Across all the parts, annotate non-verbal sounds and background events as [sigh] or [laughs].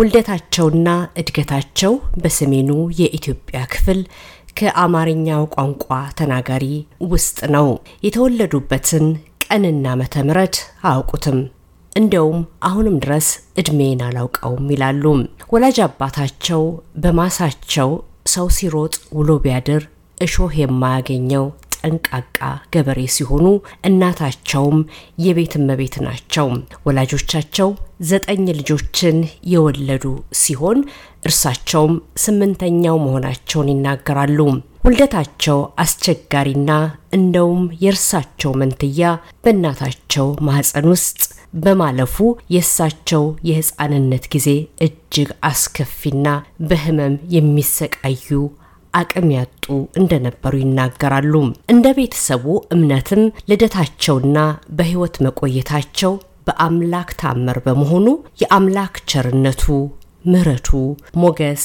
ውልደታቸውና እድገታቸው በሰሜኑ የኢትዮጵያ ክፍል ከአማርኛው ቋንቋ ተናጋሪ ውስጥ ነው። የተወለዱበትን ቀንና ዓመተ ምሕረት አያውቁትም። እንደውም አሁንም ድረስ እድሜን አላውቀውም ይላሉ። ወላጅ አባታቸው በማሳቸው ሰው ሲሮጥ ውሎ ቢያድር እሾህ የማያገኘው ጠንቃቃ ገበሬ ሲሆኑ እናታቸውም የቤት እመቤት ናቸው። ወላጆቻቸው ዘጠኝ ልጆችን የወለዱ ሲሆን እርሳቸውም ስምንተኛው መሆናቸውን ይናገራሉ። ውልደታቸው አስቸጋሪና እንደውም የእርሳቸው መንትያ በእናታቸው ማህፀን ውስጥ በማለፉ የእሳቸው የህፃንነት ጊዜ እጅግ አስከፊና በህመም የሚሰቃዩ አቅም ያጡ እንደነበሩ ይናገራሉ። እንደ ቤተሰቡ እምነትም ልደታቸውና በሕይወት መቆየታቸው በአምላክ ታመር በመሆኑ የአምላክ ቸርነቱ፣ ምሕረቱ፣ ሞገስ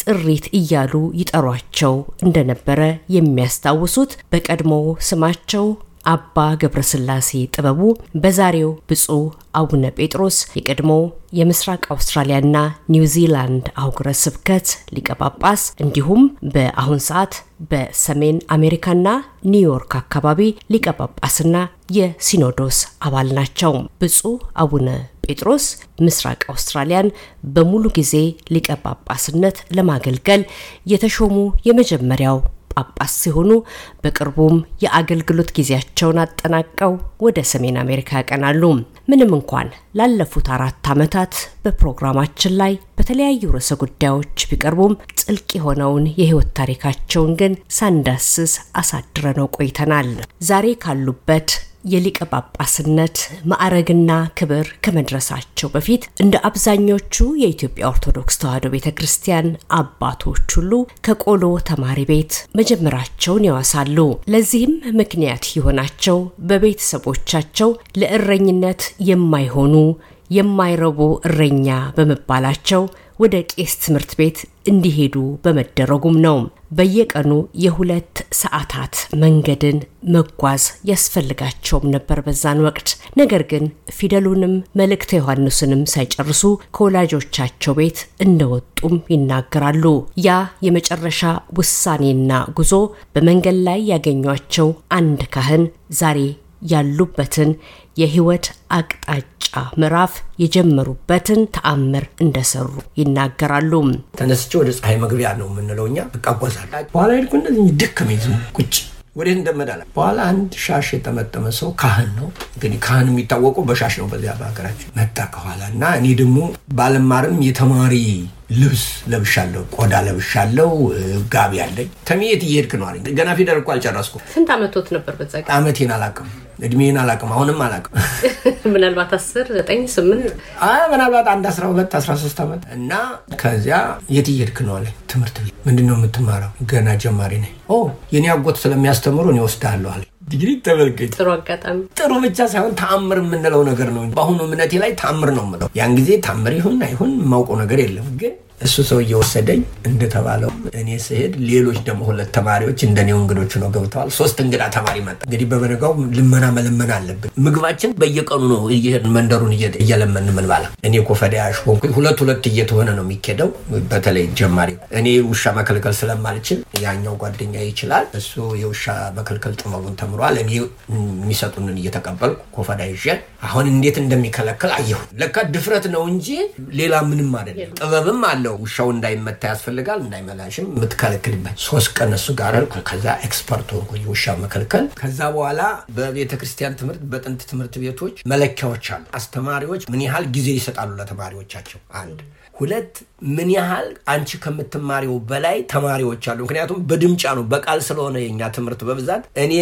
ጥሪት እያሉ ይጠሯቸው እንደነበረ የሚያስታውሱት በቀድሞው ስማቸው አባ ገብረስላሴ ጥበቡ በዛሬው ብፁዕ አቡነ ጴጥሮስ የቀድሞ የምስራቅ አውስትራሊያና ኒውዚላንድ አህጉረ ስብከት ሊቀ ጳጳስ እንዲሁም በአሁን ሰዓት በሰሜን አሜሪካና ኒውዮርክ አካባቢ ሊቀ ጳጳስና የሲኖዶስ አባል ናቸው። ብፁዕ አቡነ ጴጥሮስ ምስራቅ አውስትራሊያን በሙሉ ጊዜ ሊቀ ጳጳስነት ለማገልገል የተሾሙ የመጀመሪያው ጳጳስ ሲሆኑ በቅርቡም የአገልግሎት ጊዜያቸውን አጠናቀው ወደ ሰሜን አሜሪካ ያቀናሉ። ምንም እንኳን ላለፉት አራት ዓመታት በፕሮግራማችን ላይ በተለያዩ ርዕሰ ጉዳዮች ቢቀርቡም ጥልቅ የሆነውን የህይወት ታሪካቸውን ግን ሳንዳስስ አሳድረነው ቆይተናል። ዛሬ ካሉበት የሊቀ ጳጳስነት ማዕረግና ክብር ከመድረሳቸው በፊት እንደ አብዛኞቹ የኢትዮጵያ ኦርቶዶክስ ተዋሕዶ ቤተ ክርስቲያን አባቶች ሁሉ ከቆሎ ተማሪ ቤት መጀመራቸውን ያወሳሉ። ለዚህም ምክንያት የሆናቸው በቤተሰቦቻቸው ለእረኝነት የማይሆኑ የማይረቡ እረኛ በመባላቸው ወደ ቄስ ትምህርት ቤት እንዲሄዱ በመደረጉም ነው። በየቀኑ የሁለት ሰዓታት መንገድን መጓዝ ያስፈልጋቸውም ነበር በዛን ወቅት። ነገር ግን ፊደሉንም መልእክተ ዮሐንስንም ሳይጨርሱ ከወላጆቻቸው ቤት እንደወጡም ይናገራሉ። ያ የመጨረሻ ውሳኔና ጉዞ በመንገድ ላይ ያገኟቸው አንድ ካህን ዛሬ ያሉበትን የህይወት አቅጣጫ ምዕራፍ የጀመሩበትን ተአምር እንደሰሩ ይናገራሉ። ተነስቼ ወደ ፀሐይ መግቢያ ነው የምንለው እኛ በቃ በኋላ ሄድኩ እንደዚህ ድክመኝ ዝም ቁጭ ወዴት እንደመዳላ በኋላ አንድ ሻሽ የጠመጠመ ሰው ካህን ነው። እንግዲህ ካህን የሚታወቀው በሻሽ ነው በዚያ በሀገራችን። መጣ ከኋላ እና እኔ ደግሞ ባለማርም የተማሪ ልብስ ለብሻለሁ፣ ቆዳ ለብሻለሁ፣ ጋቢ አለኝ። ተሜ እየሄድክ ነው አለኝ። ገና ፊደል እኮ አልጨረስኩም። ስንት አመቶት ነበር? በዛ አመቴን አላውቅም፣ እድሜን አላውቅም፣ አሁንም አላውቅም። [laughs] ምናልባት አስር ዘጠኝ ስምንት ምናልባት አንድ አስራ ሁለት አስራ ሶስት አመት እና ከዚያ የት እየሄድክ ነው አለኝ። ትምህርት ቤት ምንድን ነው የምትማረው? ገና ጀማሪ ነኝ። ኦ የኔ አጎት ስለሚያስተምሩ እኔ ወስዳለሁ አለኝ። ዲግሪ ተመልከች። ጥሩ አጋጣሚ ጥሩ ብቻ ሳይሆን ተአምር የምንለው ነገር ነው። በአሁኑ እምነቴ ላይ ተአምር ነው የምለው። ያን ጊዜ ተአምር ይሁን አይሁን የማውቀው ነገር የለም ግን እሱ ሰው እየወሰደኝ እንደተባለው እኔ ስሄድ ሌሎች ደግሞ ሁለት ተማሪዎች እንደኔው እንግዶቹ ነው ገብተዋል። ሶስት እንግዳ ተማሪ መጣ። እንግዲህ በበነጋው ልመና መለመን አለብን። ምግባችን በየቀኑ ነው እየሄድን መንደሩን እየለመን ምን ባለ እኔ ኮፈዳያሽ ሆንኩ። ሁለት ሁለት እየተሆነ ነው የሚኬደው። በተለይ ጀማሪ እኔ ውሻ መከልከል ስለማልችል ያኛው ጓደኛ ይችላል። እሱ የውሻ መከልከል ጥበቡን ተምሯል። እኔ የሚሰጡንን እየተቀበልኩ ኮፈዳ ይዤ አሁን እንዴት እንደሚከለከል አየሁ። ለካ ድፍረት ነው እንጂ ሌላ ምንም አይደለም። ጥበብም አለው ያው ውሻው እንዳይመታ ያስፈልጋል። እንዳይመላሽም የምትከለክልበት ሶስት ቀን እሱ ጋር ከዛ ኤክስፐርት ሆንኩ ውሻ መከልከል። ከዛ በኋላ በቤተ ክርስቲያን ትምህርት በጥንት ትምህርት ቤቶች መለኪያዎች አሉ። አስተማሪዎች ምን ያህል ጊዜ ይሰጣሉ ለተማሪዎቻቸው? አንድ ሁለት ምን ያህል አንቺ ከምትማሪው በላይ ተማሪዎች አሉ። ምክንያቱም በድምጫ ነው፣ በቃል ስለሆነ የኛ ትምህርት በብዛት እኔ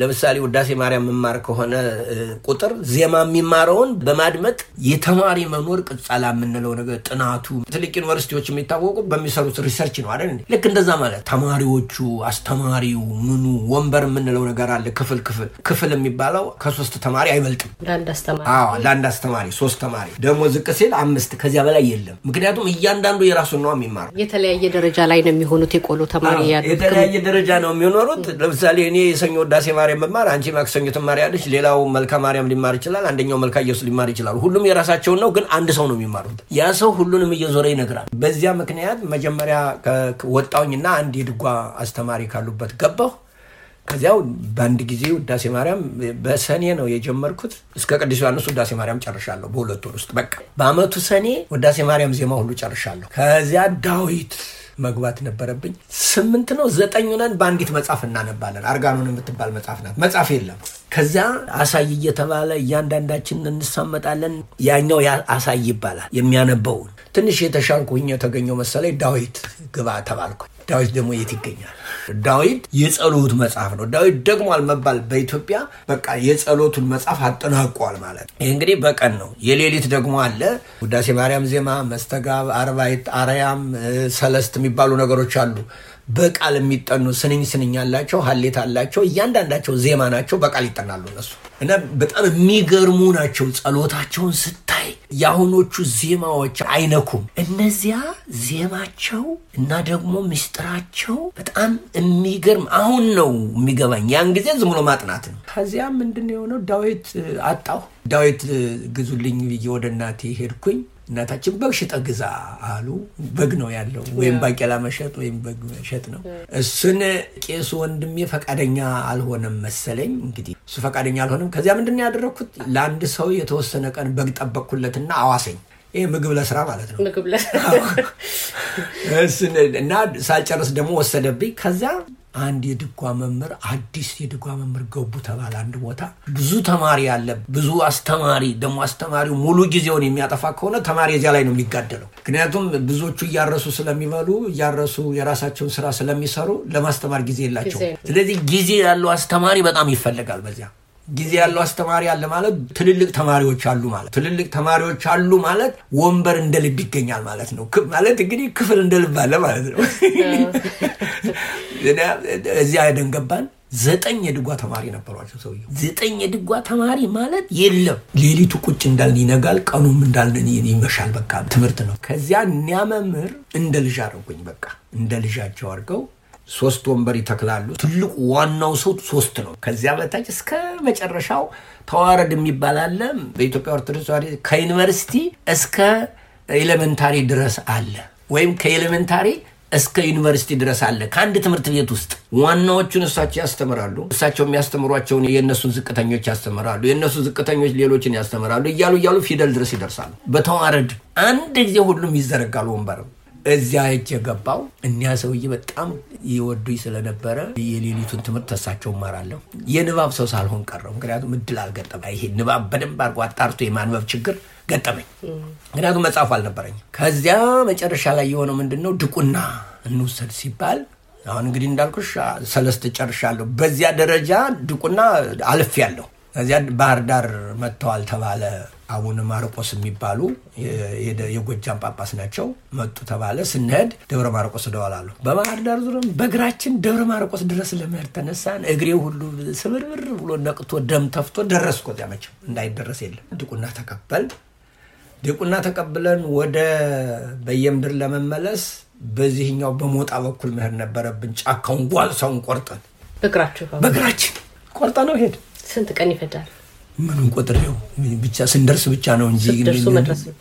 ለምሳሌ ውዳሴ ማርያም የምማር ከሆነ ቁጥር ዜማ የሚማረውን በማድመጥ የተማሪ መኖር ቅጸላ የምንለው ነገር ጥናቱ ትልቅ ዩኒቨርሲቲዎች የሚታወቁ በሚሰሩት ሪሰርች ነው አይደል? ልክ እንደዛ ማለት ተማሪዎቹ፣ አስተማሪው፣ ምኑ ወንበር የምንለው ነገር አለ። ክፍል ክፍል ክፍል የሚባለው ከሶስት ተማሪ አይበልጥም። ለአንድ አስተማሪ ሶስት ተማሪ ደግሞ ዝቅ ሲል አምስት፣ ከዚያ በላይ የለም። ምክንያቱም እያ እያንዳንዱ የራሱን ነው የሚማሩ። የተለያየ ደረጃ ላይ ነው የሚሆኑት። የቆሎ ተማሪ ያሉ የተለያየ ደረጃ ነው የሚኖሩት። ለምሳሌ እኔ የሰኞ ወዳሴ ማርያም መማር፣ አንቺ ማክሰኞ ትማሪያለሽ፣ ሌላው መልካ ማርያም ሊማር ይችላል፣ አንደኛው መልካ ኢየሱስ ሊማር ይችላል። ሁሉም የራሳቸውን ነው፣ ግን አንድ ሰው ነው የሚማሩት። ያ ሰው ሁሉንም እየዞረ ይነግራል። በዚያ ምክንያት መጀመሪያ ወጣውኝና አንድ የድጓ አስተማሪ ካሉበት ገባሁ። ከዚያው በአንድ ጊዜ ውዳሴ ማርያም በሰኔ ነው የጀመርኩት። እስከ ቅዱስ ዮሐንስ ውዳሴ ማርያም ጨርሻለሁ፣ በሁለት ወር ውስጥ በቃ በአመቱ ሰኔ ውዳሴ ማርያም ዜማ ሁሉ ጨርሻለሁ። ከዚያ ዳዊት መግባት ነበረብኝ። ስምንት ነው ዘጠኝ ነን በአንዲት መጽሐፍ እናነባለን። አርጋኖን የምትባል መጽሐፍ ናት። መጽሐፍ የለም። ከዚያ አሳይ እየተባለ እያንዳንዳችን እንሳመጣለን። ያኛው አሳይ ይባላል የሚያነበውን። ትንሽ የተሻልኩኝ የተገኘው መሰለኝ ዳዊት ግባ ተባልኩ። ዳዊት ደግሞ የት ይገኛል? ዳዊት የጸሎት መጽሐፍ ነው። ዳዊት ደግሟል መባል በኢትዮጵያ በቃ የጸሎቱን መጽሐፍ አጠናቋል ማለት ይህ እንግዲህ በቀን ነው። የሌሊት ደግሞ አለ። ውዳሴ ማርያም፣ ዜማ፣ መስተጋብ፣ አርባይት፣ አርያም፣ ሰለስት የሚባሉ ነገሮች አሉ። በቃል የሚጠኑ ስንኝ ስንኝ አላቸው፣ ሀሌት አላቸው። እያንዳንዳቸው ዜማ ናቸው፣ በቃል ይጠናሉ እነሱ እና በጣም የሚገርሙ ናቸው። ጸሎታቸውን ስት የአሁኖቹ ዜማዎች አይነኩም። እነዚያ ዜማቸው እና ደግሞ ምስጢራቸው በጣም የሚገርም አሁን ነው የሚገባኝ። ያን ጊዜ ዝም ብሎ ማጥናት ነው። ከዚያ ምንድን የሆነው ዳዊት አጣሁ። ዳዊት ግዙልኝ ብዬ ወደ እናቴ ሄድኩኝ። እናታችን በግ ሽጠ ግዛ አሉ። በግ ነው ያለው፣ ወይም ባቄላ መሸጥ ወይም በግ መሸጥ ነው። እሱን ቄሱ ወንድሜ ፈቃደኛ አልሆነም መሰለኝ እንግዲህ እሱ ፈቃደኛ አልሆንም። ከዚያ ምንድን ነው ያደረግኩት? ለአንድ ሰው የተወሰነ ቀን በግ ጠበቅኩለትና አዋሰኝ። ይህ ምግብ ለስራ ማለት ነው። ምግብ ለስራ እና ሳልጨርስ ደግሞ ወሰደብኝ። ከዚያ አንድ የድጓ መምህር አዲስ የድጓ መምህር ገቡ ተባለ። አንድ ቦታ ብዙ ተማሪ አለ፣ ብዙ አስተማሪ ደግሞ አስተማሪው ሙሉ ጊዜውን የሚያጠፋ ከሆነ ተማሪ እዚያ ላይ ነው የሚጋደለው። ምክንያቱም ብዙዎቹ እያረሱ ስለሚበሉ እያረሱ የራሳቸውን ስራ ስለሚሰሩ ለማስተማር ጊዜ የላቸው። ስለዚህ ጊዜ ያለው አስተማሪ በጣም ይፈልጋል በዚያ ጊዜ ያለው አስተማሪ አለ ማለት ትልልቅ ተማሪዎች አሉ ማለት ትልልቅ ተማሪዎች አሉ ማለት ወንበር እንደ ልብ ይገኛል ማለት ነው። ማለት እንግዲህ ክፍል እንደ ልብ አለ ማለት ነው። [laughs] እዚያ ደንገባን ዘጠኝ የድጓ ተማሪ ነበሯቸው ሰው ዘጠኝ የድጓ ተማሪ ማለት የለም ሌሊቱ ቁጭ እንዳልን ይነጋል፣ ቀኑም እንዳልን ይመሻል። በቃ ትምህርት ነው። ከዚያ እኒያመምህር እንደ ልጅ አድርጎኝ በቃ እንደ ልጃቸው አድርገው ሶስት ወንበር ይተክላሉ። ትልቁ ዋናው ሰው ሶስት ነው። ከዚያ በታች እስከ መጨረሻው ተዋረድ የሚባል አለ። በኢትዮጵያ ኦርቶዶክስ ከዩኒቨርሲቲ እስከ ኤሌመንታሪ ድረስ አለ፣ ወይም ከኤሌመንታሪ እስከ ዩኒቨርሲቲ ድረስ አለ። ከአንድ ትምህርት ቤት ውስጥ ዋናዎቹን እሳቸው ያስተምራሉ፣ እሳቸው የሚያስተምሯቸውን የእነሱን ዝቅተኞች ያስተምራሉ፣ የእነሱ ዝቅተኞች ሌሎችን ያስተምራሉ፣ እያሉ እያሉ ፊደል ድረስ ይደርሳሉ። በተዋረድ አንድ ጊዜ ሁሉም ይዘረጋሉ ወንበርም እዚያ እጅ የገባው እኒያ ሰውዬ በጣም ይወዱኝ ስለነበረ የሌሊቱን ትምህርት ተሳቸው እማራለሁ። የንባብ ሰው ሳልሆን ቀረው። ምክንያቱም እድል አልገጠመ። ይሄ ንባብ በደንብ አድርጎ አጣርቶ የማንበብ ችግር ገጠመኝ። ምክንያቱም መጽሐፍ አልነበረኝ። ከዚያ መጨረሻ ላይ የሆነው ምንድን ነው ድቁና እንውሰድ ሲባል አሁን እንግዲህ እንዳልኩሽ ሰለስት ጨርሻለሁ። በዚያ ደረጃ ድቁና አልፌያለሁ። ከዚያ ባህር ዳር መጥተዋል ተባለ። አቡነ ማርቆስ የሚባሉ የጎጃም ጳጳስ ናቸው። መጡ ተባለ። ስንሄድ ደብረ ማርቆስ ደዋል አሉ። በባህር ዳር ዙረም በእግራችን ደብረ ማርቆስ ድረስ ለመሄድ ተነሳን። እግሬ ሁሉ ስብርብር ብሎ ነቅቶ ደም ተፍቶ ደረስኩ። እዚያ መቼም እንዳይደረስ የለም። ድቁና ተቀበል ድቁና ተቀብለን ወደ በየምድር ለመመለስ በዚህኛው በሞጣ በኩል መሄድ ነበረብን። ጫካውን ጓል ሰውን ቆርጠን በእግራችን ቆርጠ ነው ሄድ ስንት ቀን ይፈጃል? ምኑን ቆጥሬው ብቻ ስንደርስ ብቻ ነው እንጂ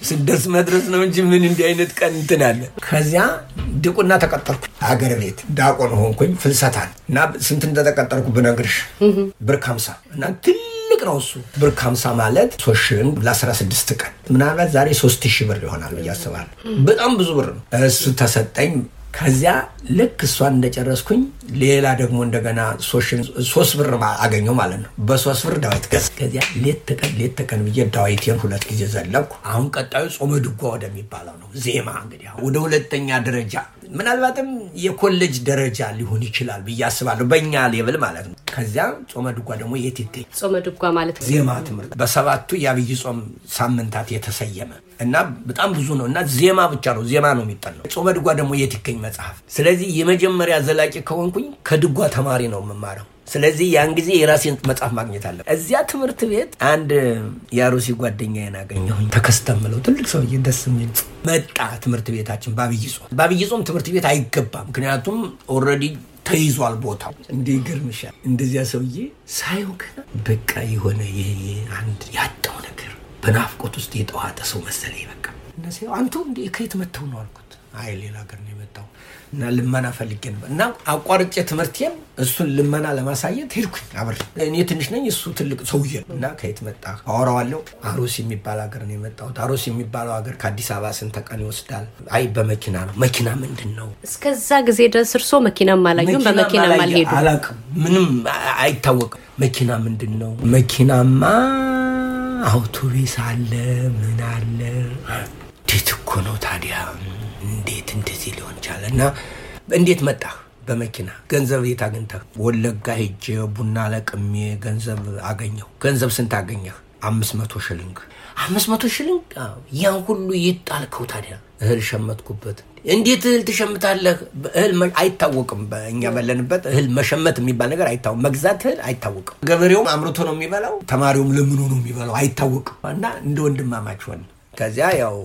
ስንደርስ መድረስ ነው እንጂ ምን እንዲህ አይነት ቀን እንትን አለ። ከዚያ ድቁና ተቀጠርኩ፣ አገር ቤት ዳቆን ሆንኩኝ። ፍልሰታል እና ስንት እንደተቀጠርኩ ብነግርሽ ብር ከምሳ እና ትልቅ ነው እሱ ብር ከምሳ ማለት ሶስት ሺህን ለ16 ቀን ምናልባት ዛሬ ሶስት ሺህ ብር ይሆናል አስባለሁ። በጣም ብዙ ብር ነው እሱ ተሰጠኝ። ከዚያ ልክ እሷን እንደጨረስኩኝ ሌላ ደግሞ እንደገና ሶስት ብር አገኘው ማለት ነው። በሶስት ብር ዳዊት ገዝ ከዚያ ሌት ተቀን ሌት ተቀን ብዬ ዳዊቴን ሁለት ጊዜ ዘለኩ። አሁን ቀጣዩ ጾመ ድጓ ወደሚባለው ነው። ዜማ እንግዲህ ወደ ሁለተኛ ደረጃ ምናልባትም የኮሌጅ ደረጃ ሊሆን ይችላል ብዬ አስባለሁ፣ በእኛ ሌብል ማለት ነው። ከዚያ ጾመ ድጓ ደግሞ የት ይገኝ? ጾመ ድጓ ማለት ዜማ ትምህርት በሰባቱ የአብይ ጾም ሳምንታት የተሰየመ እና በጣም ብዙ ነው እና ዜማ ብቻ ነው ዜማ ነው የሚጠናው። ጾመ ድጓ ደግሞ የት ይገኝ መጽሐፍ። ስለዚህ የመጀመሪያ ዘላቂ ከሆንኩኝ ከድጓ ተማሪ ነው የምማረው። ስለዚህ ያን ጊዜ የራሴን መጽሐፍ ማግኘት አለ። እዚያ ትምህርት ቤት አንድ የአሮሲ ጓደኛዬን አገኘሁኝ። ተከስተ ምለው ትልቅ ሰውዬ ደስ የሚል መጣ። ትምህርት ቤታችን በአብይ ጾም በአብይ ጾም ትምህርት ቤት አይገባም። ምክንያቱም ኦልሬዲ ተይዟል ቦታው። እንዲህ ይገርምሻል፣ እንደዚያ ሰውዬ ሳየው ገና በቃ የሆነ አንድ ያጣው ነገር በናፍቆት ውስጥ የጠዋጠ ሰው መሰለኝ። በቃ እነዚ አንቱ እንዲ ከየት መተው ነው አልኩት። አይ ሌላ ገር ነው እና ልመና ፈልጌ ነበር እና አቋርጬ ትምህርቴን እሱን ልመና ለማሳየት ሄድኩኝ። አብር እኔ ትንሽ ነኝ፣ እሱ ትልቅ ሰውዬ ነው። እና ከየት መጣ አወራዋለሁ። አሮስ የሚባል ሀገር ነው የመጣሁት። አሮስ የሚባለው ሀገር ከአዲስ አበባ ስንት ቀን ይወስዳል? አይ በመኪና ነው። መኪና ምንድን ነው? እስከዛ ጊዜ ድረስ እርሶ መኪናም አላዩም? በመኪና አልሄዱም? አላውቅም፣ ምንም አይታወቅም። መኪና ምንድን ነው? መኪናማ አውቶቤስ አለ ምን አለ። እንዴት እኮ ነው ታዲያ እንዴ እንዴት እንደዚህ ሊሆን ቻለ? እና እንዴት መጣ በመኪና ገንዘብ የት አግኝተህ? ወለጋ ሄጄ ቡና ለቅሜ ገንዘብ አገኘሁ። ገንዘብ ስንት አገኘህ? አምስት መቶ ሽልንግ። አምስት መቶ ሽልንግ? ያን ሁሉ የት ጣልከው ታዲያ? እህል ሸመትኩበት። እንዴት እህል ትሸምታለህ? እህል አይታወቅም። እኛ ባለንበት እህል መሸመት የሚባል ነገር አይታወቅም። መግዛት እህል አይታወቅም። ገበሬውም አምርቶ ነው የሚበላው፣ ተማሪውም ለምኑ ነው የሚበላው አይታወቅም። እና እንደ ወንድማማች ሆን ከዚያ ያው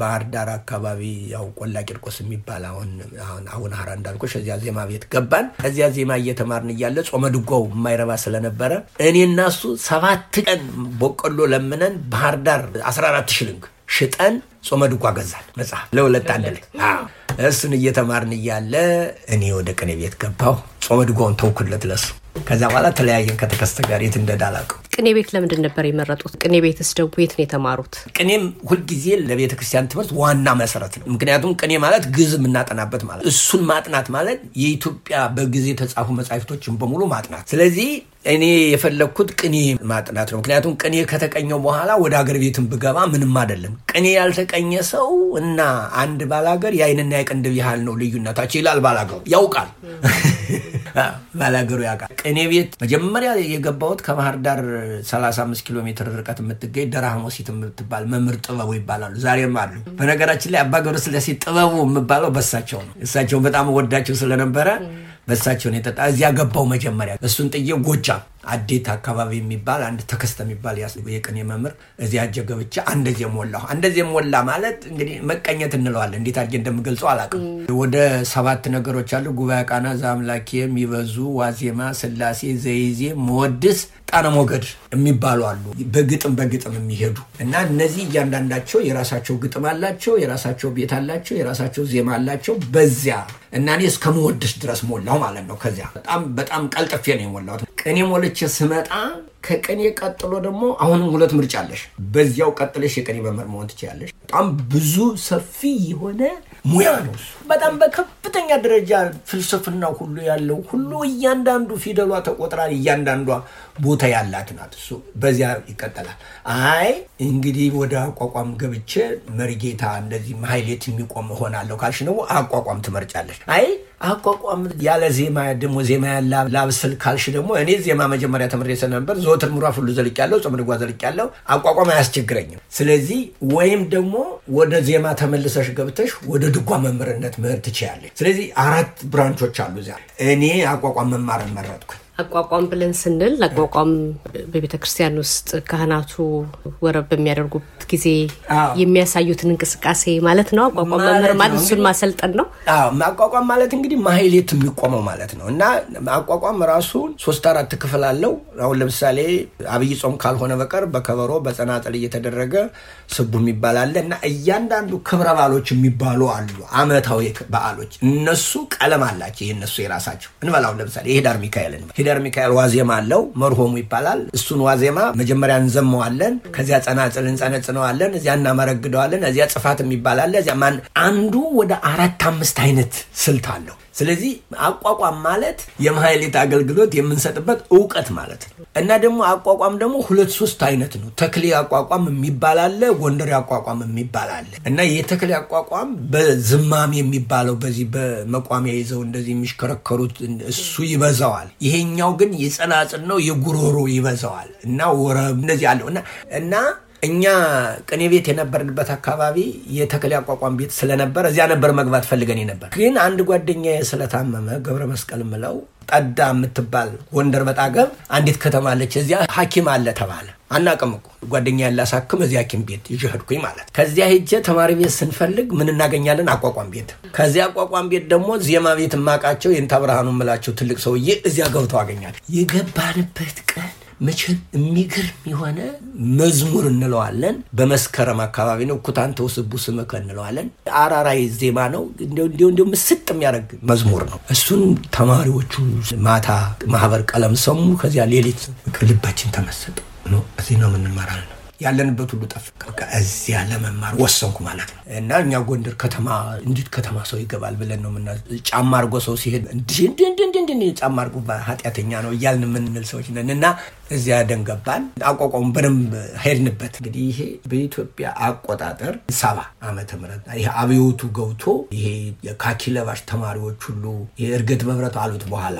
ባህር ዳር አካባቢ ያው ቆላ ቂርቆስ የሚባል አሁን አሁን ሀራ እንዳልኮች እዚያ ዜማ ቤት ገባን። እዚያ ዜማ እየተማርን እያለ ጾመ ድጓው የማይረባ ስለነበረ እኔ እሱ ሰባት ቀን በቆሎ ለምነን ባህር ዳር 14 ሽልንግ ሽጠን ጾመ ድጓ ገዛን መጽሐፍ ለሁለት አንድ ልት እሱን እየተማርን እያለ እኔ ወደ ቅኔ ቤት ገባሁ። ጾመ ድጓውን ተውኩለት ለሱ። ከዛ በኋላ ተለያየን ከተከስተ ጋር የት እንደዳላቀው ቅኔ ቤት ለምንድን ነበር የመረጡት? ቅኔ ቤትስ ደግሞ የት ነው የተማሩት? ቅኔም ሁልጊዜ ለቤተ ክርስቲያን ትምህርት ዋና መሰረት ነው። ምክንያቱም ቅኔ ማለት ግዕዝ የምናጠናበት ማለት፣ እሱን ማጥናት ማለት የኢትዮጵያ በጊዜ የተጻፉ መጽሐፍቶችን በሙሉ ማጥናት። ስለዚህ እኔ የፈለግኩት ቅኔ ማጥናት ነው። ምክንያቱም ቅኔ ከተቀኘው በኋላ ወደ አገር ቤትም ብገባ ምንም አይደለም። ቅኔ ያልተቀኘ ሰው እና አንድ ባላገር የአይንና የቅንድብ ያህል ነው ልዩነታቸው ይላል ባላገሩ። ያውቃል [laughs] ባላገሩ ያውቃል። ቅኔ ቤት መጀመሪያ የገባሁት ከባህር ዳር 35 ኪሎ ሜትር ርቀት የምትገኝ ደራሞሲት የምትባል መምህር ጥበቡ ይባላሉ። ዛሬም አሉ። በነገራችን ላይ አባ ገብረ ስላሴ ጥበቡ የምባለው በሳቸው ነው። እሳቸውን በጣም ወዳቸው ስለነበረ በእሳቸው ነው የጠጣ። እዚያ ገባው መጀመሪያ እሱን ጥዬ ጎጃም አዴት አካባቢ የሚባል አንድ ተከስተ የሚባል የቅኔ መምህር እዚያ አጀገ ብቻ አንድ ሞላሁ። አንድ ሞላ ማለት እንግዲህ መቀኘት እንለዋለን። እንዴት አድርጌ እንደምገልጸው አላውቅም። ወደ ሰባት ነገሮች አሉ። ጉባኤ ቃና ዘአምላኬ፣ የሚበዙ፣ ዋዜማ፣ ስላሴ፣ ዘይዜ፣ መወድስ፣ ጣነ ሞገድ የሚባሉ አሉ። በግጥም በግጥም የሚሄዱ እና እነዚህ እያንዳንዳቸው የራሳቸው ግጥም አላቸው፣ የራሳቸው ቤት አላቸው፣ የራሳቸው ዜማ አላቸው። በዚያ እና እኔ እስከ መወድስ ድረስ ሞላሁ ማለት ነው። ከዚያ በጣም በጣም ቀልጥፌ ነው የሞላሁት። ቅኔ ሞልቼ ስመጣ ከቅኔ ቀጥሎ ደግሞ አሁንም ሁለት ምርጫ አለሽ። በዚያው ቀጥለሽ የቅኔ መምህር መሆን ትችላለሽ። በጣም ብዙ ሰፊ የሆነ ሙያ ነው። በጣም በከፍተኛ ደረጃ ፍልስፍና ሁሉ ያለው ሁሉ እያንዳንዱ ፊደሏ ተቆጥራል። እያንዳንዷ ቦታ ያላት ናት። እሱ በዚያ ይቀጠላል። አይ እንግዲህ ወደ አቋቋም ገብቼ መርጌታ እንደዚህ ማይሌት የሚቆም እሆናለሁ ካልሽ ነው አቋቋም ትመርጫለች። አይ አቋቋም ያለ ዜማ ደግሞ ዜማ ያላ ላብስል ካልሽ ደግሞ እኔ ዜማ መጀመሪያ ተምሬ ስለነበር ዘወትር ምሯፍ ሁሉ ዘልቅ ያለው ጾመ ድጓ ያለው አቋቋም አያስቸግረኝም። ስለዚህ ወይም ደግሞ ወደ ዜማ ተመልሰሽ ገብተሽ ወደ ድጓ መምህርነት መሄድ ትችያለሽ። ስለዚህ አራት ብራንቾች አሉ እዚያ። እኔ አቋቋም መማርን መረጥኩኝ። አቋቋም ብለን ስንል አቋቋም በቤተ ክርስቲያን ውስጥ ካህናቱ ወረብ በሚያደርጉት ጊዜ የሚያሳዩትን እንቅስቃሴ ማለት ነው። አቋቋም መምህር ማለት እሱን ማሰልጠን ነው። አቋቋም ማለት እንግዲህ ማህሌት የሚቆመው ማለት ነው እና አቋቋም ራሱ ሶስት አራት ክፍል አለው። አሁን ለምሳሌ አብይ ጾም ካልሆነ በቀር በከበሮ በጸናጠል እየተደረገ ስቡ የሚባል አለ እና እያንዳንዱ ክብረ በዓሎች የሚባሉ አሉ። አመታዊ በዓሎች እነሱ ቀለም አላቸው። የእነሱ የራሳቸው እንበላው ለምሳሌ ይሄ ዳር ሚካኤል የሀገር ሚካኤል ዋዜማ አለው፣ መርሆሙ ይባላል። እሱን ዋዜማ መጀመሪያ እንዘመዋለን። ከዚያ ጸናጽል እንጸነጽነዋለን። እዚያ እናመረግደዋለን። እዚያ ጽፋት የሚባል አለ። እዚያ ማን አንዱ ወደ አራት አምስት አይነት ስልት አለው። ስለዚህ አቋቋም ማለት የማህሌት አገልግሎት የምንሰጥበት እውቀት ማለት ነው እና ደግሞ አቋቋም ደግሞ ሁለት ሶስት አይነት ነው። ተክሌ አቋቋም የሚባል አለ፣ ጎንደር አቋቋም የሚባል አለ እና የተክሌ አቋቋም በዝማም የሚባለው በዚህ በመቋሚያ ይዘው እንደዚህ የሚሽከረከሩት እሱ ይበዛዋል። ይሄኛው ግን የጸናጽን ነው፣ የጉሮሮ ይበዛዋል እና ወረብ እንደዚህ አለው እና እኛ ቅኔ ቤት የነበርንበት አካባቢ የተክል አቋቋም ቤት ስለነበር እዚያ ነበር መግባት ፈልገን ነበር። ግን አንድ ጓደኛ ስለታመመ ገብረ መስቀል ምለው ጠዳ የምትባል ጎንደር በጣገብ አንዲት ከተማ አለች። እዚያ ሐኪም አለ ተባለ። አናቅም እኮ ጓደኛ ያላሳክም እዚያ ሐኪም ቤት ይዤ ሄድኩኝ ማለት። ከዚያ ሄጄ ተማሪ ቤት ስንፈልግ ምን እናገኛለን? አቋቋም ቤት። ከዚያ አቋቋም ቤት ደግሞ ዜማ ቤት የማውቃቸው የንታ ብርሃኑ ምላቸው ትልቅ ሰውዬ እዚያ ገብተው አገኛለሁ። የገባንበት ቀን መቼም የሚገርም የሆነ መዝሙር እንለዋለን። በመስከረም አካባቢ ነው። ኩታንተ ውስቡ ስምከ እንለዋለን። አራራይ ዜማ ነው። እንዲሁ ስጥ የሚያደርግ መዝሙር ነው። እሱን ተማሪዎቹ ማታ ማህበር ቀለም ሰሙ። ከዚያ ሌሊት ልባችን ተመሰጠ። ነው። እዚህ ነው የምንመራል ነው ያለንበት ሁሉ ጠፍ በቃ እዚያ ለመማር ወሰንኩ ማለት ነው። እና እኛ ጎንደር ከተማ እንዴት ከተማ ሰው ይገባል ብለን ነው ምና ጫማ አርጎ ሰው ሲሄድ እንዲህ ጫማ አርጎ ኃጢአተኛ ነው እያልን የምንል ሰዎች ነን። እና እዚያ ደንገባን አቋቋሙ በደንብ ሄድንበት። እንግዲህ ይሄ በኢትዮጵያ አቆጣጠር ሰባ ዓመተ ምህረት ይሄ አብዮቱ ገብቶ ይሄ የካኪ ለባሽ ተማሪዎች ሁሉ ይሄ መብረት አሉት በኋላ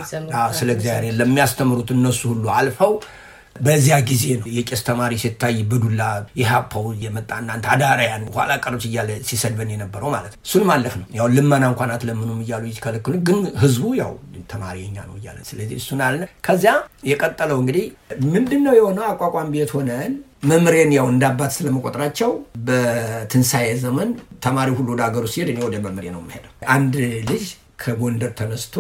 ስለ እግዚአብሔር ለሚያስተምሩት እነሱ ሁሉ አልፈው በዚያ ጊዜ ነው የቄስ ተማሪ ሲታይ በዱላ የሀፓው የመጣ እናንተ አዳራያን ኋላ ቀሮች እያለ ሲሰድበን የነበረው ማለት ነው። እሱን ማለፍ ነው። ያው ልመና እንኳን አትለምኑም እያሉ ይከለክሉ፣ ግን ህዝቡ ያው ተማሪ የኛ ነው እያለ ስለዚህ እሱን አለ። ከዚያ የቀጠለው እንግዲህ ምንድን ነው የሆነው አቋቋም ቤት ሆነን መምሬን ያው እንደ አባት ስለመቆጥራቸው በትንሣኤ ዘመን ተማሪ ሁሉ ወደ ሀገሩ ሲሄድ እኔ ወደ መምሬ ነው የምሄደው። አንድ ልጅ ከጎንደር ተነስቶ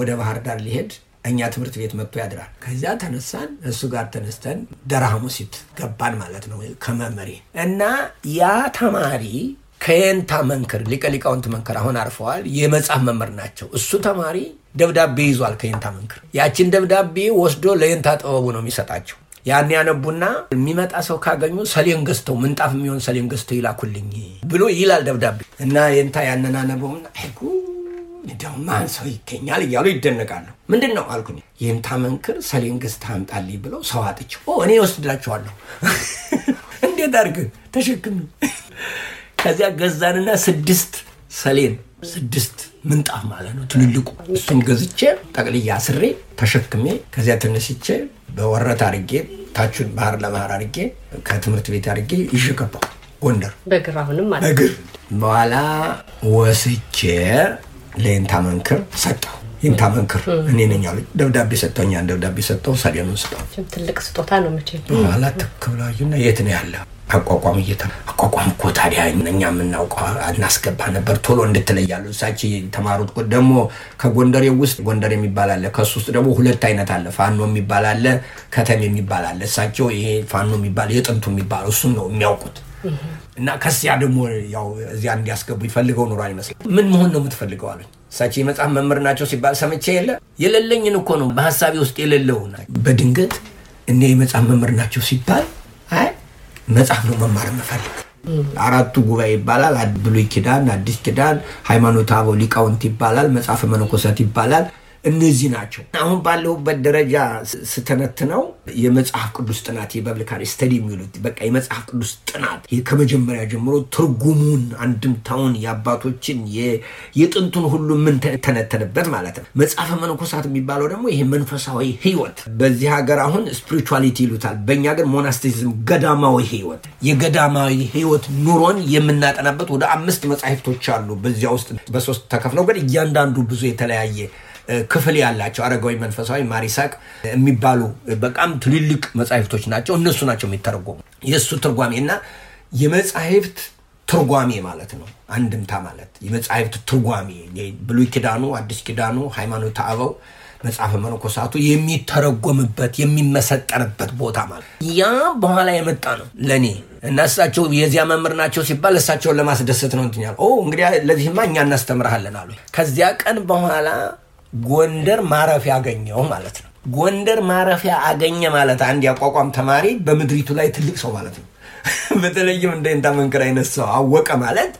ወደ ባህር ዳር ሊሄድ እኛ ትምህርት ቤት መጥቶ ያድራል። ከዚያ ተነሳን፣ እሱ ጋር ተነስተን ደራሙሲት ገባን ማለት ነው ከመመሬ እና ያ ተማሪ ከየንታ መንክር ሊቀ ሊቃውንት መንክር አሁን አርፈዋል። የመጽሐፍ መምህር ናቸው። እሱ ተማሪ ደብዳቤ ይዟል ከየንታ መንክር። ያችን ደብዳቤ ወስዶ ለየንታ ጥበቡ ነው የሚሰጣቸው። ያን ያነቡና የሚመጣ ሰው ካገኙ ሰሌን ገዝተው ምንጣፍ የሚሆን ሰሌን ገዝተው ይላኩልኝ ብሎ ይላል ደብዳቤ እና የንታ ያንን አነበቡና እንዲያው ማን ሰው ይገኛል እያሉ ይደነቃሉ። ምንድን ነው አልኩኝ። ይህን ታመንክር ሰሌን ግስት አምጣልኝ ብለው ሰው አጥች እኔ ወስድላቸዋለሁ። [laughs] እንዴት አድርግ ተሸክም። ከዚያ ገዛንና ስድስት ሰሌን ስድስት ምንጣፍ ማለት ነው ትልልቁ። እሱን ገዝቼ ጠቅልያ ስሬ ተሸክሜ ከዚያ ትንስቼ በወረት አድርጌ ታችን ባህር ለባህር አድርጌ ከትምህርት ቤት አድርጌ ይዤ ጎንደር በእግር አሁንም በእግር በኋላ ወስቼ መንክር ሰጠው። ኢንታመንክር እኔ ነኝ አሉኝ። ደብዳቤ ሰጠኛ ደብዳቤ ሰጠው። ሰሌኑን ስጠው። ትልቅ ስጦታ ነው መቼ። በኋላ ትክ የት ነው ያለ አቋቋም እየተ አቋቋም እኮ ታዲያ እኛ የምናውቀው እናስገባ ነበር ቶሎ እንድትለያሉ እሳች ተማሩት። ደግሞ ከጎንደሬ ውስጥ ጎንደር የሚባል አለ። ከሱ ውስጥ ደግሞ ሁለት አይነት አለ። ፋኖ የሚባል አለ፣ ከተሜ የሚባል አለ። እሳቸው ይሄ ፋኖ የሚባል የጥንቱ የሚባል እሱን ነው የሚያውቁት። እና ከዚያ ደግሞ ያው እዚያ እንዲያስገቡ ይፈልገው ኑሮ አይመስል ምን መሆን ነው የምትፈልገው አሉኝ። እሳቸው የመጽሐፍ መምህር ናቸው ሲባል ሰምቼ የለ የሌለኝን እኮ ነው በሀሳቤ ውስጥ የሌለውን በድንገት እኔ የመጽሐፍ መምህር ናቸው ሲባል አይ መጽሐፍ ነው መማር የምፈልግ አራቱ ጉባኤ ይባላል። ብሉይ ኪዳን፣ አዲስ ኪዳን፣ ሃይማኖተ አበው ሊቃውንት ይባላል፣ መጽሐፈ መነኮሳት ይባላል። እነዚህ ናቸው። አሁን ባለሁበት ደረጃ ስተነትነው የመጽሐፍ ቅዱስ ጥናት የባብሊካሪ ስተዲ የሚሉት በቃ የመጽሐፍ ቅዱስ ጥናት ከመጀመሪያ ጀምሮ ትርጉሙን፣ አንድምታውን፣ የአባቶችን የጥንቱን ሁሉ ምን ተነተንበት ማለት ነው። መጽሐፈ መነኮሳት የሚባለው ደግሞ ይሄ መንፈሳዊ ህይወት በዚህ ሀገር አሁን ስፕሪቹዋሊቲ ይሉታል። በእኛ ግን ሞናስቲዝም፣ ገዳማዊ ህይወት የገዳማዊ ህይወት ኑሮን የምናጠናበት ወደ አምስት መጽሐፍቶች አሉ። በዚያ ውስጥ በሶስት ተከፍለው ግን እያንዳንዱ ብዙ የተለያየ ክፍል ያላቸው አረጋዊ መንፈሳዊ ማሪሳቅ የሚባሉ በጣም ትልልቅ መጽሐፍቶች ናቸው። እነሱ ናቸው የሚተረጎሙ የእሱ ትርጓሜ እና የመጽሐፍት ትርጓሜ ማለት ነው። አንድምታ ማለት የመጽሐፍት ትርጓሜ ብሉይ ኪዳኑ፣ አዲስ ኪዳኑ፣ ሃይማኖተ አበው፣ መጽሐፈ መነኮሳቱ የሚተረጎምበት የሚመሰጠርበት ቦታ ማለት ያ በኋላ የመጣ ነው ለእኔ እና እሳቸው የዚያ መምህር ናቸው ሲባል እሳቸውን ለማስደሰት ነው እንትኛል እንግዲህ ለዚህማ እኛ እናስተምርሃለን አሉ። ከዚያ ቀን በኋላ ጎንደር ማረፊያ አገኘው ማለት ነው። ጎንደር ማረፊያ አገኘ ማለት አንድ ያቋቋም ተማሪ በምድሪቱ ላይ ትልቅ ሰው ማለት ነው። [laughs] በተለይም እንደ ንታ መንክር አይነት ሰው አወቀ ማለት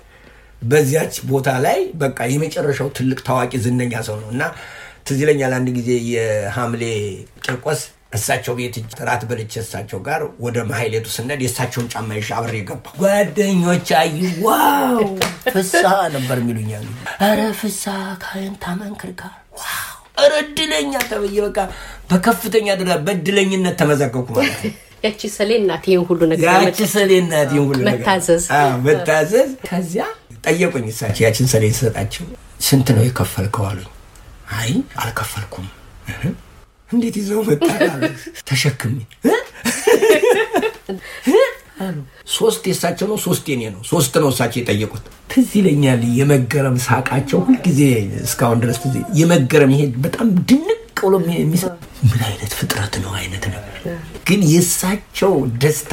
በዚያች ቦታ ላይ በቃ የመጨረሻው ትልቅ ታዋቂ ዝነኛ ሰው ነው እና ትዝ ይለኛል አንድ ጊዜ የሐምሌ ቂርቆስ እሳቸው ቤት እራት በልቼ እሳቸው ጋር ወደ ማይሌቱ ስነድ የእሳቸውን ጫማ ይዤ አብሬ ገባ። ጓደኞች አይ ዋው ፍሳ ነበር የሚሉኛ። ኧረ ፍሳ ካህን ታመንክር ጋር ዋው ኧረ እድለኛ ተብዬ በቃ በከፍተኛ ደረጃ በእድለኝነት ተመዘገብኩ ማለት ነው። ያቺ ሰሌ እናት ይህን ሁሉ ነገር ያቺ ሰሌ እናት ይህን ሁሉ መታዘዝ መታዘዝ። ከዚያ ጠየቁኝ እሳቸው ያችን ሰሌ ሰጣቸው። ስንት ነው የከፈልከው አሉኝ። አይ አልከፈልኩም እንዴት ይዘው መጣ ተሸክሜ ሶስት የሳቸው ነው፣ ሶስት የኔ ነው። ሶስት ነው እሳቸው የጠየቁት። ትዝ ይለኛል የመገረም ሳቃቸው ሁልጊዜ እስካሁን ድረስ ትዝ የመገረም ይሄ በጣም ድንቅ ብሎ የሚሰ ምን አይነት ፍጥረት ነው አይነት ነገር ግን የእሳቸው ደስታ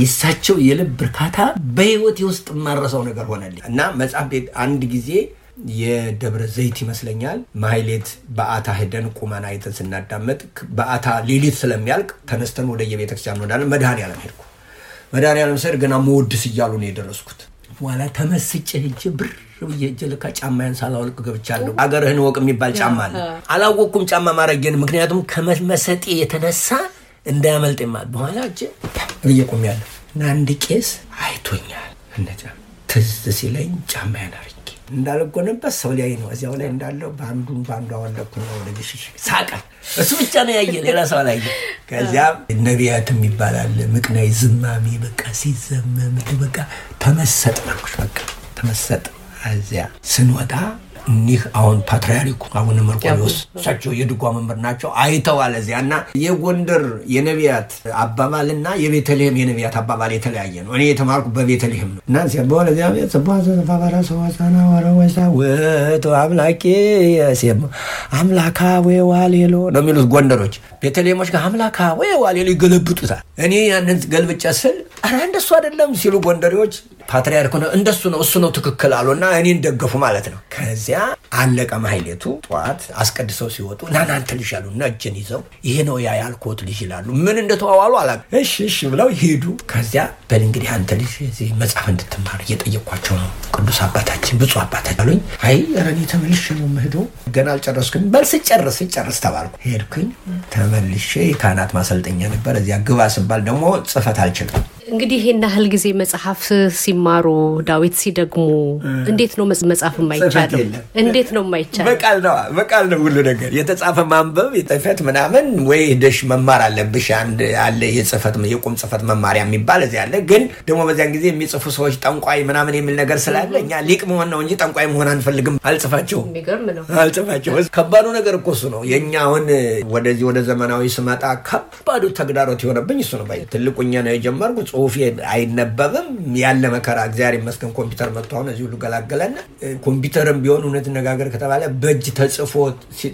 የእሳቸው የልብ እርካታ በህይወት የውስጥ የማረሰው ነገር ሆነልኝ እና መጽሐፍ ቤት አንድ ጊዜ የደብረ ዘይት ይመስለኛል ማይሌት በአታ ሄደን ቁመና አይተን ስናዳመጥ በአታ ሌሊት ስለሚያልቅ ተነስተን ወደ የቤተክርስቲያን እንሄዳለን። መድኃኔዓለም ሄድኩ። መድኃኔዓለም ስሄድ ገና መወድስ እያሉ ነው የደረስኩት። በኋላ ተመስጭ ሄጄ ብር ብዬ እጄ ልካ ጫማዬን ሳላወልቅ ገብቻለሁ። አገርህን ወቅ የሚባል ጫማ አለ። አላወቅኩም ጫማ ማረጌን ምክንያቱም ከመሰጤ የተነሳ እንዳያመልጥ ይማል። በኋላ እጄ ብዬ ቁሜያለሁ እና አንድ ቄስ አይቶኛል። እነ ትዝ ሲለኝ ጫማዬን አረኝ እንዳለጎነበት ሰው ሊያይ ነው። እዚያው ላይ እንዳለው በአንዱ በአንዱ አወለኩ ነው ወደ ግሽሽ ሳቀ። እሱ ብቻ ነው ያየ፣ ሌላ ሰው አላየ። ከዚያም ነቢያትም ይባላል ምቅናይ ዝማሜ በቃ ሲዘመም በቃ ተመሰጥ ናኩሽ በቃ ተመሰጥ። እዚያ ስንወጣ እኒህ አሁን ፓትርያርኩ አቡነ መርቆሪዎስ እሳቸው የድጓ መምህር ናቸው። አይተዋል እዚያ እና የጎንደር የነቢያት አባባል እና የቤተልሔም የነቢያት አባባል የተለያየ ነው። እኔ የተማርኩ በቤተልሔም ነው እና እዚያ በኋላ እዚያ ዘባዘባባራ ሰዋሳና ወረወሳ ወቶ አምላኬ የሴም አምላካ ወይ ዋሌሎ ነው የሚሉት ጎንደሮች። ቤተልሔሞች ጋር አምላካ ወይ ዋሌሎ ይገለብጡታል። እኔ ያንን ገልብጬ ስል ኧረ እንደሱ አይደለም ሲሉ ጎንደሬዎች ፓትሪያርኩ ነው እንደሱ ነው እሱ ነው ትክክል አሉና እኔን ደገፉ ማለት ነው። ከዚያ አለቀ ማህሌቱ። ጠዋት አስቀድሰው ሲወጡ ናናንተ ልጅ አሉ እና እጅን ይዘው ይሄ ነው ያ ያልኮት ልጅ ይላሉ። ምን እንደተዋዋሉ አላውቅም። እሺ እሺ ብለው ሄዱ። ከዚያ በል እንግዲህ አንተ ልጅ እዚህ መጽሐፍ እንድትማር እየጠየኳቸው ነው ቅዱስ አባታችን ብፁ አባታችን አሉኝ። አይ ረኔ እኔ ተመልሼ ነው የምሄደው ገና አልጨረስኩኝ። በል ስጨርስ ስጨርስ ተባልኩ። ሄድኩኝ ተመልሼ የካህናት ማሰልጠኛ ነበር። እዚያ ግባ ስባል ደግሞ ጽፈት አልችልም እንግዲህ ይሄን ያህል ጊዜ መጽሐፍ ሲማሩ ዳዊት ሲደግሙ እንዴት ነው መጽሐፍ የማይቻለው? እንዴት ነው የማይቻለው? በቃል ነው በቃል ነው ሁሉ ነገር የተጻፈ ማንበብ ጽህፈት ምናምን ወይ ደሽ መማር አለብሽ። አንድ አለ የጽፈት የቁም ጽፈት መማሪያ የሚባል እዚ አለ። ግን ደግሞ በዚያን ጊዜ የሚጽፉ ሰዎች ጠንቋይ ምናምን የሚል ነገር ስላለ እኛ ሊቅ መሆን ነው እንጂ ጠንቋይ መሆን አንፈልግም። አልጽፋቸው አልጽፋቸው። ከባዱ ነገር እኮ እሱ ነው። የእኛ አሁን ወደዚህ ወደ ዘመናዊ ስመጣ ከባዱ ተግዳሮት የሆነብኝ እሱ ነው። ትልቁኛ ነው የጀመርኩት ጽሁፌ አይነበብም ያለ መከራ እግዚአብሔር ይመስገን ኮምፒውተር መጥቶ አሁን እዚህ ሁሉ ገላገለና ኮምፒውተርም ቢሆን እውነት ነጋገር ከተባለ በእጅ ተጽፎ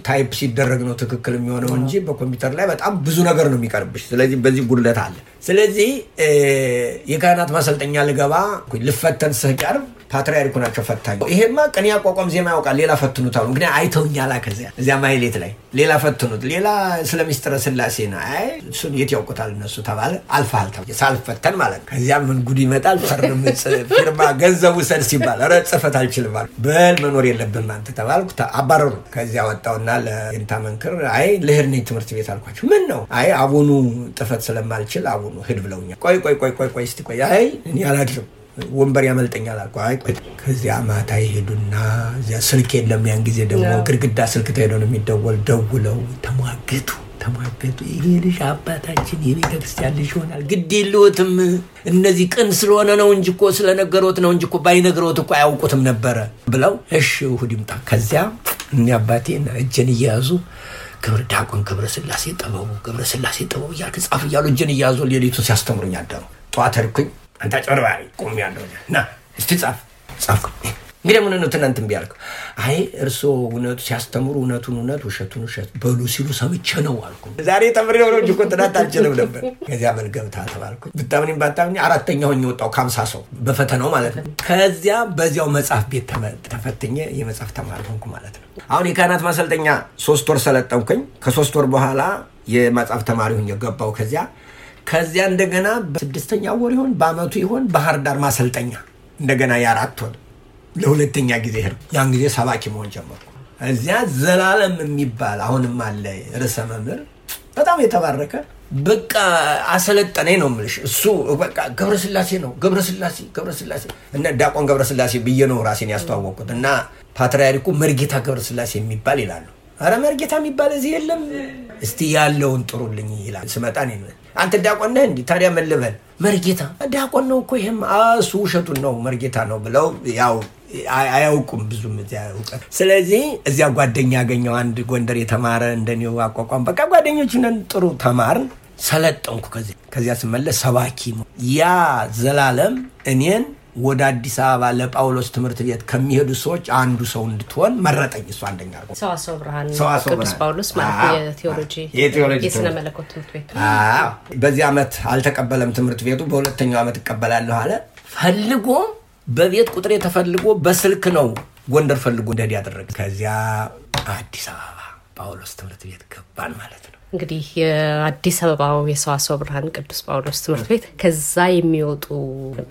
ታይፕ ሲደረግ ነው ትክክል የሚሆነው እንጂ በኮምፒውተር ላይ በጣም ብዙ ነገር ነው የሚቀርብሽ። ስለዚህ በዚህ ጉድለት አለ። ስለዚህ የካህናት ማሰልጠኛ ልገባ ልፈተን ስቀርብ ፓትርያርኩ ናቸው ፈታኝ። ይሄማ ቅኔ አቋቋም ዜማ ያውቃል። ሌላ ፈትኑት አሉ። ምክንያት አይተውኛላ። ከዚያ እዚያ ማይሌት ላይ ሌላ ፈትኑት፣ ሌላ ስለ ሚስጥረ ስላሴ ነው። አይ እሱን የት ያውቁታል እነሱ ተባለ። አልፈሃል ሳልፈተን ማለት ነው። ከዚያ ምን ጉድ ይመጣል። ፈርም፣ ፊርማ፣ ገንዘብ ውሰድ ሲባል ኧረ ጽፈት አልችልም አሉ። በል መኖር የለብን አንተ ተባልኩ፣ አባረሩ። ከዚያ ወጣውና ለንታ መንክር አይ ልሄድ ነኝ ትምህርት ቤት አልኳቸው። ምን ነው አይ አቡኑ ጥፈት ስለማልችል አቡኑ ሂድ ብለውኛል። ቆይ ቆይ ቆይ ቆይ ቆይ ስቲ ቆይ አይ እኔ አላድርም ወንበር ያመልጠኛል አልኩ። አይ ከዚያ ማታ ይሄዱና እዚያ ስልክ የለም ያን ጊዜ ደግሞ ግድግዳ ስልክ ተሄዶ ነው የሚደወል። ደውለው ተሟገቱ ተሟገቱ። ይሄ ልጅ አባታችን የቤተ ክርስቲያን ልጅ ይሆናል፣ ግድ የለዎትም እነዚህ ቅን ስለሆነ ነው እንጂ እኮ ስለነገሮት ነው እንጂ እኮ ባይነግሮት እኮ አያውቁትም ነበረ ብለው እሺ እሑድ ይምጣ። ከዚያ እኔ አባቴን እጄን እየያዙ ክብር ዲያቆን ገብረ ስላሴ ጥበቡ ገብረ ስላሴ ጥበቡ እያልክ ጻፍ እያሉ እጄን እያያዙ ሌሊቱ ሲያስተምሩኝ አደሩ። ጠዋት ሄድኩኝ አንተ ጨርባሪ ቁም ያለው ና እስቲ ጻፍ ጻፍ። እንግዲህ ደግሞ ነው ትናንት እምቢ አልክ? አይ እርሶ እውነቱ ሲያስተምሩ እውነቱን እውነት ውሸቱን ውሸት በሉ ሲሉ ሰምቼ ነው አልኩ። ዛሬ ተምሬ ሆነ እጅ እኮ ትናንት አልችልም ነበር። ከዚያ ምን ገብታ ተባልኩ። ብታምኒም ባታምኒ አራተኛ ሆኜ ወጣሁ ከሀምሳ ሰው በፈተናው ማለት ነው። ከዚያ በዚያው መጽሐፍ ቤት ተፈትኜ የመጽሐፍ ተማሪ ሆንኩ ማለት ነው። አሁን የካህናት ማሰልጠኛ ሶስት ወር ሰለጠንኩኝ። ከሶስት ወር በኋላ የመጽሐፍ ተማሪ ሆኜ ገባሁ። ከዚያ ከዚያ እንደገና በስድስተኛ ወር ይሆን በአመቱ ይሆን ባህር ዳር ማሰልጠኛ እንደገና የአራት ወር ለሁለተኛ ጊዜ ሄድኩ። ያን ጊዜ ሰባኪ መሆን ጀመርኩ። እዚያ ዘላለም የሚባል አሁንም አለ ርዕሰ መምህር በጣም የተባረከ በቃ አሰለጠነኝ ነው የምልሽ። እሱ በቃ ገብረስላሴ ነው ገብረስላሴ ገብረስላሴ እና ዲያቆን ገብረስላሴ ብዬ ነው ራሴን ያስተዋወቁት። እና ፓትርያርኩ መርጌታ ገብረስላሴ የሚባል ይላሉ። አረ መርጌታ የሚባል እዚህ የለም፣ እስቲ ያለውን ጥሩልኝ ይላል። ስመጣን አንተ ዲያቆን ነህ እንዲህ ታዲያ ምን ልበል? መርጌታ ዲያቆን ነው እኮ ይሄም፣ እሱ ውሸቱን ነው መርጌታ ነው ብለው ያው አያውቁም ብዙም እዚያ እውቀት። ስለዚህ እዚያ ጓደኛ ያገኘው አንድ ጎንደር የተማረ እንደኔው አቋቋም በቃ ጓደኞች ነን። ጥሩ ተማርን፣ ሰለጠንኩ። ከዚያ ስመለስ ሰባኪ ያ ዘላለም እኔን ወደ አዲስ አበባ ለጳውሎስ ትምህርት ቤት ከሚሄዱ ሰዎች አንዱ ሰው እንድትሆን መረጠኝ። እሱ አንደኛ ሰዋስወ ብርሃን ቅዱስ ጳውሎስ በዚህ ዓመት አልተቀበለም ትምህርት ቤቱ። በሁለተኛው ዓመት እቀበላለሁ አለ። ፈልጎ በቤት ቁጥር የተፈልጎ በስልክ ነው ጎንደር ፈልጎ እንደዲ ያደረገ። ከዚያ አዲስ አበባ ጳውሎስ ትምህርት ቤት ገባን ማለት ነው። እንግዲህ የአዲስ አበባው የሰዋስወ ብርሃን ቅዱስ ጳውሎስ ትምህርት ቤት ከዛ የሚወጡ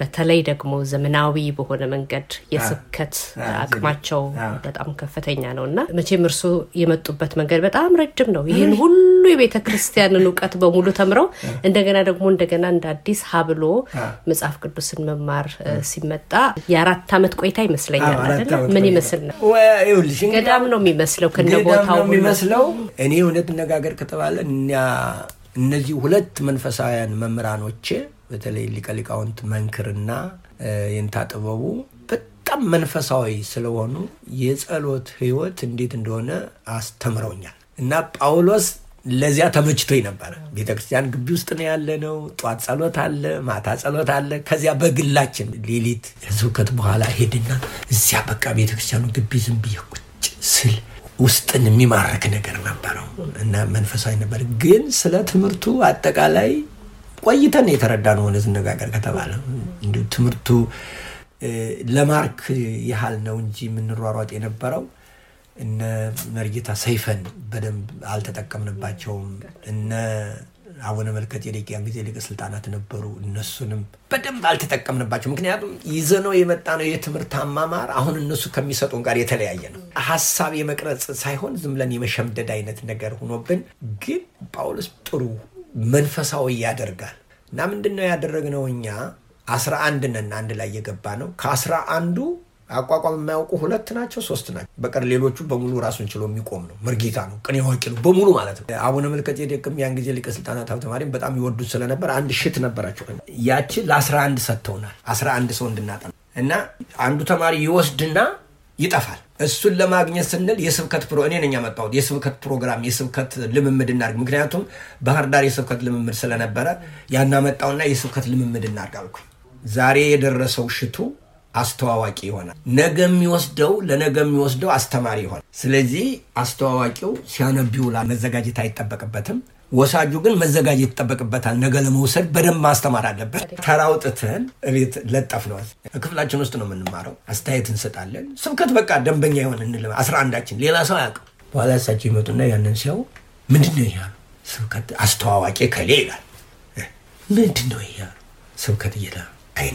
በተለይ ደግሞ ዘመናዊ በሆነ መንገድ የስብከት አቅማቸው በጣም ከፍተኛ ነው እና መቼም እርሱ የመጡበት መንገድ በጣም ረጅም ነው። ይህን ሁሉ የቤተ ክርስቲያንን እውቀት በሙሉ ተምረው እንደገና ደግሞ እንደገና እንደ አዲስ ሀብሎ መጽሐፍ ቅዱስን መማር ሲመጣ የአራት ዓመት ቆይታ ይመስለኛል። ምን ይመስል ነው? ገዳም ነው የሚመስለው ከነቦታው የሚመስለው እኔ እውነት ነጋገር ከተባ በኋላ እኛ እነዚህ ሁለት መንፈሳውያን መምህራኖቼ በተለይ ሊቀሊቃውንት መንክርና የንታጥበቡ በጣም መንፈሳዊ ስለሆኑ የጸሎት ህይወት እንዴት እንደሆነ አስተምረውኛል እና ጳውሎስ ለዚያ ተመችቶኝ ነበረ። ቤተክርስቲያን ግቢ ውስጥ ነው ያለ ነው። ጧት ጸሎት አለ፣ ማታ ጸሎት አለ። ከዚያ በግላችን ሌሊት ስብከት በኋላ ሄድና እዚያ በቃ ቤተክርስቲያኑ ግቢ ዝም ብዬ ቁጭ ስል ውስጥን የሚማርክ ነገር ነበረው እና መንፈሳዊ ነበር። ግን ስለ ትምህርቱ አጠቃላይ ቆይተን የተረዳ ነው። ሆነ ከተባለ እንዲ ትምህርቱ ለማርክ ያህል ነው እንጂ የምንሯሯጥ የነበረው እነ መርጌታ ሰይፈን በደንብ አልተጠቀምንባቸውም። እነ አቡነ መልከት የደቂያን ጊዜ ሊቀ ስልጣናት ነበሩ። እነሱንም በደንብ አልተጠቀምንባቸው። ምክንያቱም ይዘነው የመጣ ነው የትምህርት አማማር አሁን እነሱ ከሚሰጡን ጋር የተለያየ ነው። ሀሳብ የመቅረጽ ሳይሆን ዝም ብለን የመሸምደድ አይነት ነገር ሆኖብን፣ ግን ጳውሎስ ጥሩ መንፈሳዊ ያደርጋል እና ምንድን ነው ያደረግነው እኛ አስራ አንድ ነን አንድ ላይ የገባ ነው ከአስራ አንዱ አቋቋም የማያውቁ ሁለት ናቸው ሶስት ናቸው በቀር ሌሎቹ በሙሉ ራሱን ችሎ የሚቆም ነው። መርጌታ ነው፣ ቅኔ አዋቂ ነው በሙሉ ማለት ነው። አቡነ መልከጼዴቅም ያን ጊዜ ሊቀ ሥልጣናት ሀብተ በጣም ይወዱት ስለነበር አንድ ሽት ነበራቸው። ያቺ ለአስራ አንድ ሰጥተውናል። አስራ አንድ ሰው እንድናጠ እና አንዱ ተማሪ ይወስድና ይጠፋል። እሱን ለማግኘት ስንል የስብከት ፕሮ እኔ ነኝ ያመጣሁት የስብከት ፕሮግራም የስብከት ልምምድ እናርግ ምክንያቱም ባህር ዳር የስብከት ልምምድ ስለነበረ ያናመጣውና የስብከት ልምምድ እናርግ አልኩኝ። ዛሬ የደረሰው ሽቱ አስተዋዋቂ ይሆናል። ነገ የሚወስደው ለነገ የሚወስደው አስተማሪ ይሆናል። ስለዚህ አስተዋዋቂው ሲያነብ ይውላል፣ መዘጋጀት አይጠበቅበትም። ወሳጁ ግን መዘጋጀት ይጠበቅበታል። ነገ ለመውሰድ በደንብ ማስተማር አለበት። ተራውጥትን እቤት ለጠፍ ነው። ክፍላችን ውስጥ ነው የምንማረው። አስተያየት እንሰጣለን። ስብከት በቃ ደንበኛ ይሆን እንል አስራ አንዳችን ሌላ ሰው አያውቅም። በኋላ እሳቸው ይመጡና ያንን ሲያው ምንድን ነው ያሉ ስብከት አስተዋዋቂ ከሌ ይላል። ምንድን ነው ያሉ ስብከት እየላ አይ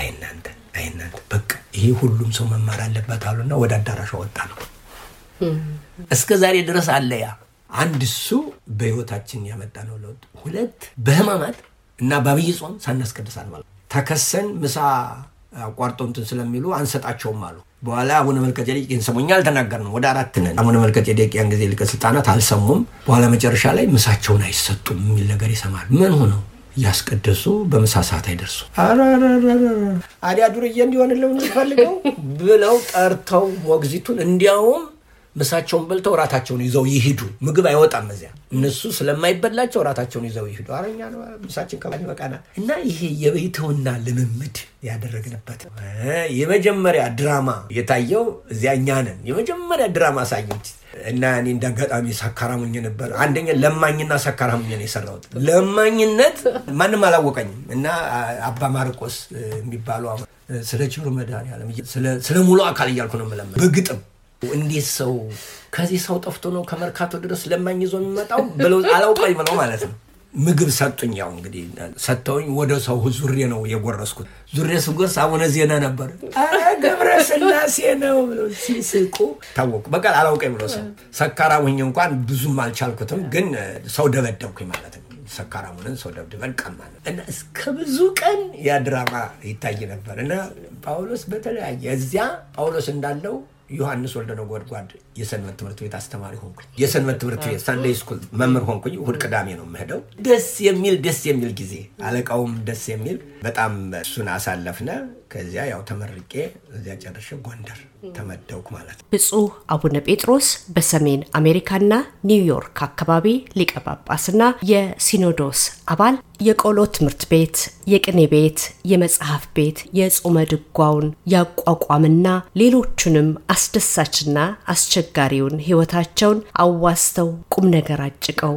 አይ እናንተ አይ እናንተ በቃ ይሄ ሁሉም ሰው መማር አለበት አሉና ወደ አዳራሽ ወጣ ነው። እስከ ዛሬ ድረስ አለ ያ አንድ እሱ በህይወታችን ያመጣ ነው ለውጥ። ሁለት በህማማት እና በአብይ ጾም ሳናስቀድሳል ማለት ተከሰን ምሳ አቋርጦ እንትን ስለሚሉ አንሰጣቸውም አሉ። በኋላ አቡነ መልከጼዴቅ ይህን ሰሞኛ አልተናገርንም። ወደ አራት ነን። አቡነ መልከጼዴቅ ያን ጊዜ ሊቀ ስልጣናት አልሰሙም። በኋላ መጨረሻ ላይ ምሳቸውን አይሰጡም የሚል ነገር ይሰማል። ምን ሆነው እያስቀደሱ በመሳሳት አይደርሱ። አዲያ ዱርዬ እንዲሆንልን ፈልገው ብለው ጠርተው ሞግዚቱን እንዲያውም ምሳቸውን በልተው እራታቸውን ይዘው ይሂዱ። ምግብ አይወጣም እዚያ። እነሱ ስለማይበላቸው እራታቸውን ይዘው ይሂዱ። አረኛ ምሳችን ከባ በቃና እና ይሄ የቤተውና ልምምድ ያደረግንበት የመጀመሪያ ድራማ የታየው እዚያ እኛ ነን። የመጀመሪያ ድራማ ሳየች እና እኔ እንደ አጋጣሚ ሰካራሙኝ ነበር። አንደኛ ለማኝና ሰካራሙኝ ነው የሰራሁት። ለማኝነት ማንም አላወቀኝም እና አባ ማርቆስ የሚባሉ ስለ ችሩ መድኃኔዓለም ስለ ሙሉ አካል እያልኩ ነው የምለምነው በግጥም እንዴት ሰው ከዚህ ሰው ጠፍቶ ነው ከመርካቶ ድረስ ለማኝ ይዞ የሚመጣው ብለው አላውቀኝ ብለው ማለት ነው። ምግብ ሰጡኝ። ያው እንግዲህ ሰጥተውኝ ወደ ሰው ዙሬ ነው የጎረስኩት። ዙሬ ስጎርስ አቡነ ዜና ነበር። ገብረ ስላሴ ነው ሲስቁ ታወቁ። በቃ አላውቀኝ ብሎ ሰው ሰካራም እንኳን ብዙም አልቻልኩትም፣ ግን ሰው ደበደብኩኝ ማለት ነው። ሰካራሙንን ሰው ደብድበን ቀማን እና እስከ ብዙ ቀን ያ ድራማ ይታይ ነበር እና ጳውሎስ በተለያየ እዚያ ጳውሎስ እንዳለው ዮሐንስ ወልደ ነጎድጓድ የሰንበት ትምህርት ቤት አስተማሪ ሆንኩ። የሰንበት ትምህርት ቤት ሳንደይ ስኩል መምህር ሆንኩኝ። እሑድ ቅዳሜ ነው የምሄደው። ደስ የሚል ደስ የሚል ጊዜ አለቃውም ደስ የሚል በጣም እሱን አሳለፍነ። ከዚያ ያው ተመርቄ እዚያ ጨርሼ ጎንደር ተመደውኩ ማለት ነው። ብፁዕ አቡነ ጴጥሮስ በሰሜን አሜሪካና ኒውዮርክ አካባቢ ሊቀ ጳጳስና የሲኖዶስ አባል የቆሎ ትምህርት ቤት፣ የቅኔ ቤት፣ የመጽሐፍ ቤት፣ የጾመ ድጓውን ያቋቋምና ሌሎቹንም አስደሳችና አስቸጋሪውን ሕይወታቸውን አዋስተው ቁም ነገር አጭቀው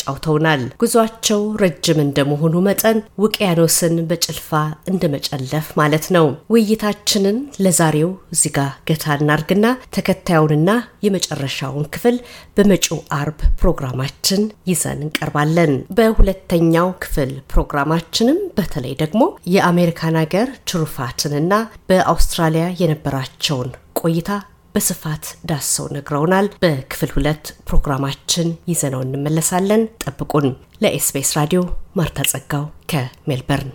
አጫውተውናል። ጉዟቸው ረጅም እንደመሆኑ መጠን ውቅያኖስን በጭልፋ እንደመጨለፍ ማለት ነው። ውይይታችንን ለዛሬው እዚጋ ገታ እናርግና ተከታዩንና የመጨረሻውን ክፍል በመጪው አርብ ፕሮግራማችን ይዘን እንቀርባለን። በሁለተኛው ክፍል ፕሮግራማችንም በተለይ ደግሞ የአሜሪካን ሀገር ትሩፋትንና በአውስትራሊያ የነበራቸውን ቆይታ በስፋት ዳሰው ነግረውናል። በክፍል ሁለት ፕሮግራማችን ይዘነው እንመለሳለን። ጠብቁን። ለኤስቢኤስ ራዲዮ ማርታ ጸጋው ከሜልበርን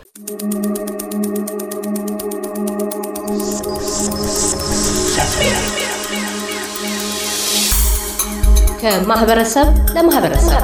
ከማህበረሰብ ለማህበረሰብ